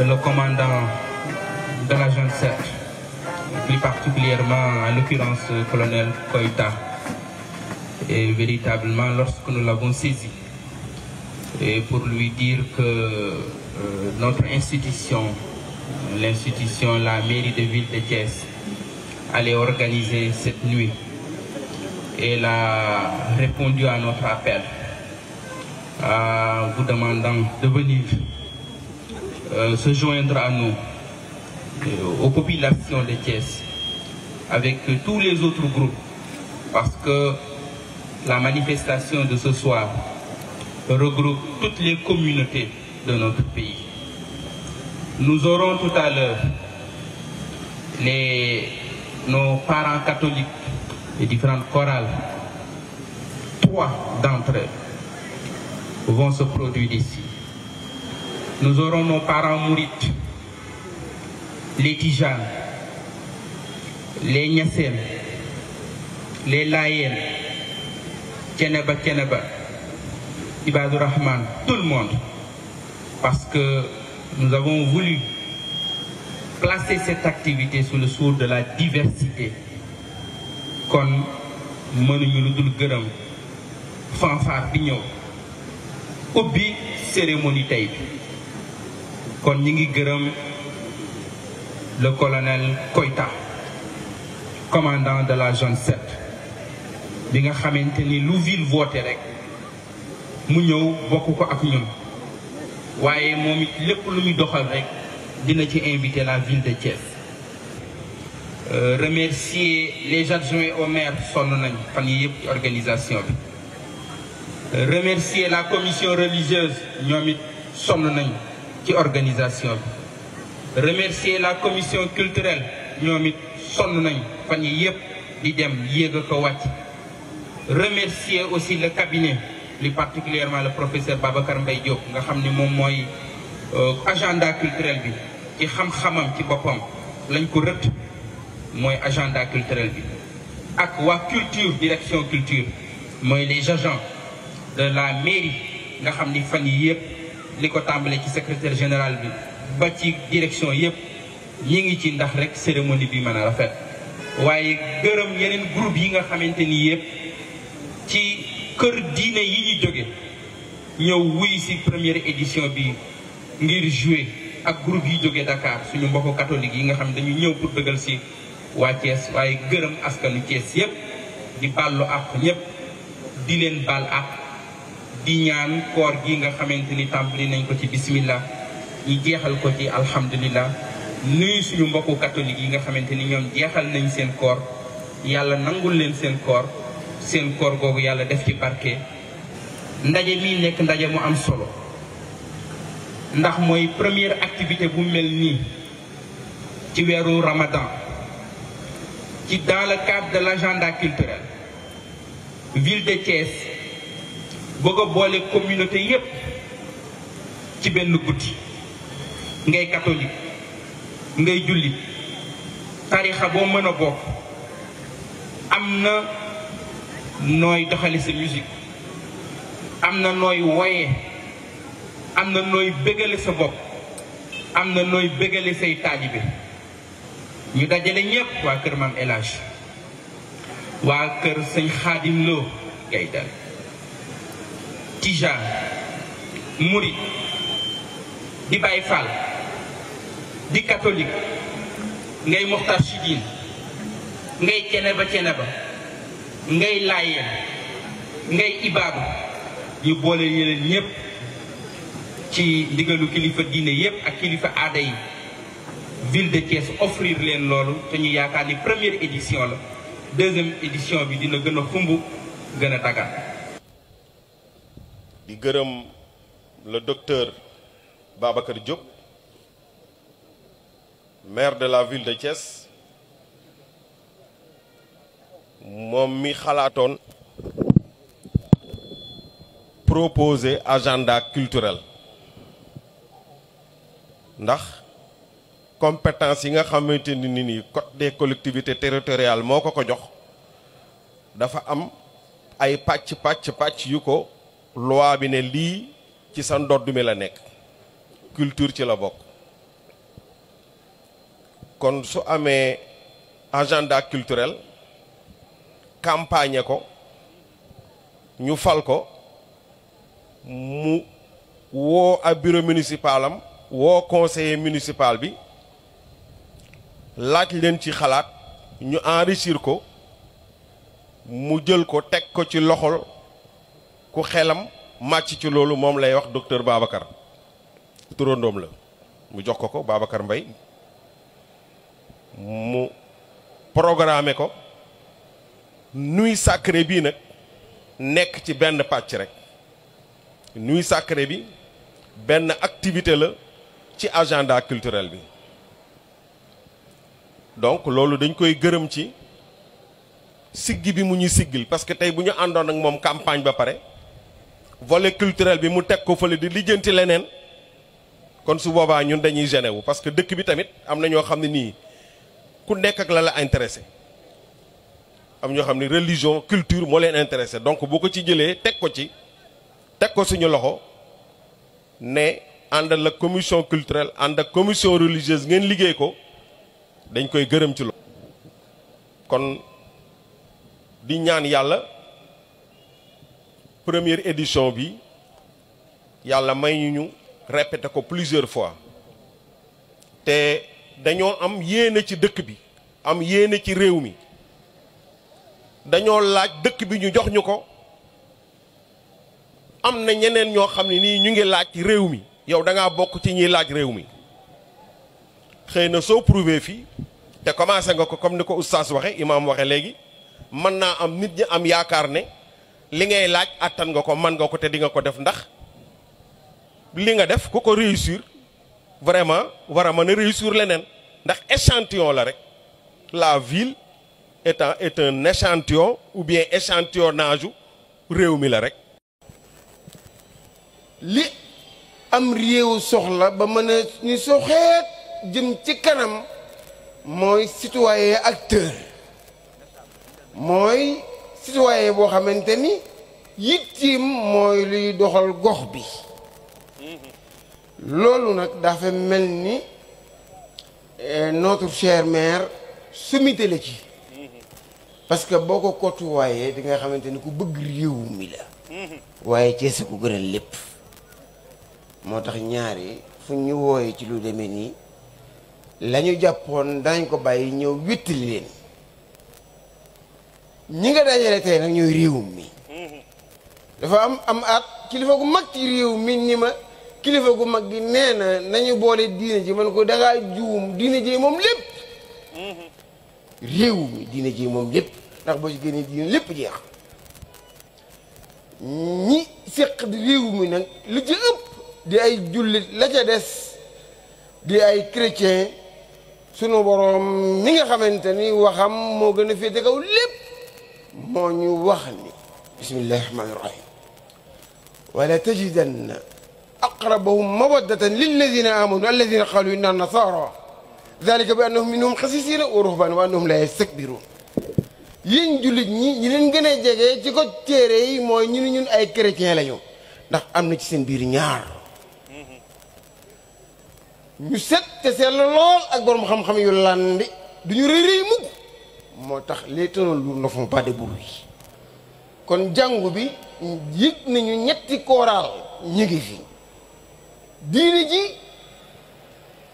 le commandant de l'agence 7, plus particulièrement en l'occurrence euh, colonel Koïta. Et véritablement, lorsque nous l'avons saisi, et pour lui dire que euh, notre institution, l'institution, la mairie de ville de Thiès, allait organiser cette nuit. Et elle a répondu à notre appel en vous demandant de venir euh, se joindre à nous, euh, aux populations de Thiès, avec tous les autres groupes, parce que la manifestation de ce soir regroupe toutes les communautés de notre pays. Nous aurons tout à l'heure nos parents catholiques, les différentes chorales, trois d'entre eux vont se produire ici. Nous aurons nos parents mourites, les Tijan, les Nyassem, les Laïen, Keneba Keneba, Ibadou Rahman, tout le monde. Parce que nous avons voulu placer cette activité sous le sceau de la diversité. Comme mënuñu lu Fanfar gërëm fanfare cérémonie kon ñi ngi gërëm le colonel Koita commandant de la zone 7 bi nga xamante ni lu ville voté rek mu ñëw bokku ko ak ñun waaye moom it lépp lu muy doxal rek dina ci invité la ville de Thiès euh, remercier les adjoints au maire sonn nañ fan yi yëpp ci organisation bi euh, remercier la commission religieuse ñoom it sonn nañ organisation remercier la commission culturelle nous sommes nañ di remercier aussi le cabinet plus particulièrement le professeur Babacar Mbaye Diop nga xamni mom euh, agenda culturel bi ci xam-xamam ci lañ ko agenda culturel bi ak wa culture direction culture les agents de la mairie nga xamni fan li ko tàmbalee ci secrétaire général bi ba ci direction yépp ñi ngi ci ndax rek cérémonie bi mën a rafet waaye gërëm yeneen groupe yi nga xamante ni yépp ci kër diine yi ñu jóge ñëw wuy ci première édition bi ngir jouer ak groupe yi jóge Dakar suñu mbokku catholique yi nga xam dañu ñëw pour dëggal ci waa Thiès waaye gërëm askanu Thiès yépp di ballu àq ñépp di leen bal àq di ñaan koor gi nga xamante ni nañ ko ci bismillah ñu jeexal ko ci alhamdulillah nuyu suñu mbokku catholique yi nga xamante ni ñoom jeexal nañ seen koor yàlla nangul leen seen koor seen koor googu yàlla def ci barke ndaje mi ndaje mu am solo ndax mooy première activité bu mel nii ci ramadan ci dans le cadre de l'agenda culturel ville de Thiès bëgg a boole communauté yépp ci benn guddi ngay catholique ngay jullit tarixa boo mën a bokk am na nooy doxale sa musique am na nooy woye am na nooy bëggale sa bopp am na nooy bëggale say taalibe ñu dajale ñépp waa kër maam El waa kër sëñ Xaadim Lo ngay dal tijaan murit di Baay di katolik ngay moxtar sidiin ngay cene ba cene ba ngay laayeen ngay ibaadu ñu boole leen ñépp ci ndigalu kilifa diine yépp ak kilifa aada yi ville de Thiès offrir leen loolu te ñu yaakaar ni première édition la deuxième édition bi dina gën a xumb gën a dagal le docteur Babacar Diop maire de la ville de Thiès mom mi agenda culturel ndax compétence yi nga ni ni code des collectivités territoriales moko ko jox dafa am ay loi bi ne lii ci sa ndodd mi la nekk culture ci la bokk kon su amee agenda culturel campagne ko ñu fal ko mu woo a bureau municipal am woo conseiller municipal bi laaj leen ci xalaat ñu enrichir ko mu jël ko teg ko ci loxol ku xelam màcc ci loolu moom lay wax docteur Babacar turandoom la mu jox ko ko Babacar mbay mu programme ko nuit sacrée bii nag nekk ci benn pàcc rek nuit sacrée bi benn activité la ci agenda culturel bi donc loolu dañ koy gërëm ci siggi bi mu ñuy siggil parce que tey bu ñu àndoon ak moom campagne ba pare volet culturel bi mu tek ko fële di lijeenti leneen kon su boba ñun dañuy gêné wu parce que dëkk bi tamit am na ñoo xam ne ku nekk ak la la intéressé am ñoo xamni religion culture mo leen intéressé donc bu ko ci jëlé tek ko ci tek ko suñu loxo né ànd la commission culturelle ànd ak commission religieuse ngeen liggé ko dañ koy gërëm ci loolu kon di ñaan yalla première édition bi yalla may ñu répéter ko plusieurs fois té dañoo am yéene ci dëkk bi am yéene ci réew mi dañoo laaj dëkk bi ñu jox ñu ko am na ñeneen ñoo xam ne nii ñu ngi laaj réew mi yow da ngaa bokk ci ñiy laaj réew mi xëy na soo prouvé fii te commencé nga ko comme ni ko oustaz waxe imam waxe léegi mën naa am nit ñi am yaakaar ne li ngay laaj àttan nga ko man nga ko te di nga ko def ndax li nga def ku ko réussir vraiment war a mën a réussir leneen ndax échantillon la rek la ville est un est un échantillon ou bien échantillonnage réew mi la rek. li am réew soxla ba mën a ñu soxeet jëm ci kanam mooy citoyen acteur mooy. citoyen boo xamante ni yittim mooy luy doxal gox bi loolu nag dafa mel ni eh, notre cher maire sommité la ci parce que boo ko côtoyé di nga xamante ni ku bëgg réew mi la waaye Cees ku gënal lépp moo tax ñaari fu ñu wooyee ci lu demee nii la ñu jàppoon dañ ko bàyyi ñëw wittali leen ñi nga dajale tey nag ñooy réew mi dafa am am at kilifa gu mag ci réew mi ni ma kilifa gu mag gi nee na nañu boole diine ji man ko dangaa juum diine ji moom lépp réew mi diine ji moom lépp ndax boo ci génnee diine lépp jeex ñi séq réew mi nag lu ci ëpp di ay jullit la ca des di ay chrétien sunu boroom mi nga xamante ni waxam moo gën a féete kaw moo ñu wax ni bismillahi rahmaani rahim wala tajidanna aqrabahum mawaddatan lilladina amanu alladina qalu inna nasara dalika bi annahum minhum xasisina wa ruhban wa annahum la yastakbirun yéen jullit ñi ñi leen gën a jege ci ko téere yi mooy ñu ni ñun ay chrétien la ñu ndax am na ci seen biir ñaar ñu set te sell lool ak borom xam-xam yu landi duñu rëy rëy mukk motax les tenons ne font pas de bruit kon jangou bi nañu ñetti ñi ngi fi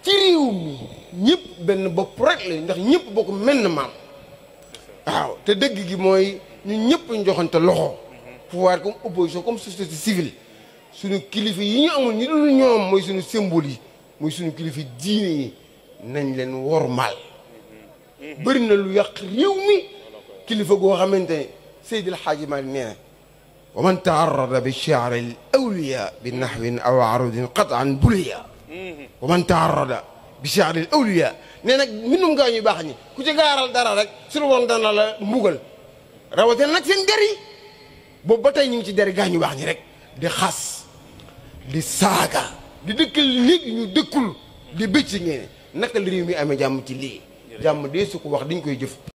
ci riiw mi ñepp benn rek la ndax bokk te gi ñu joxante loxo pouvoir comme opposition comme société civile suñu yi ñu amul ñoom suñu symbole yi برنا لو يق ريومي كلي فوقو خامنتي سيد الحاج مالنينا ومن تعرض بالشعر الاولياء بالنحو او عرض قطعا بليا ومن تعرض بشعر الاولياء نينا منهم غاني باخني كوتي غارال دارا رك سلوون دانا لا مبوغل راوتين نك سين ديري بو باتاي نيغي سي ديري غاني واخني رك دي خاص دي ساغا دي دكل ليغ ني دكل دي بيتي ني نك ريومي امي جام تي لي jàmm dee su ko wax dañ koy jëf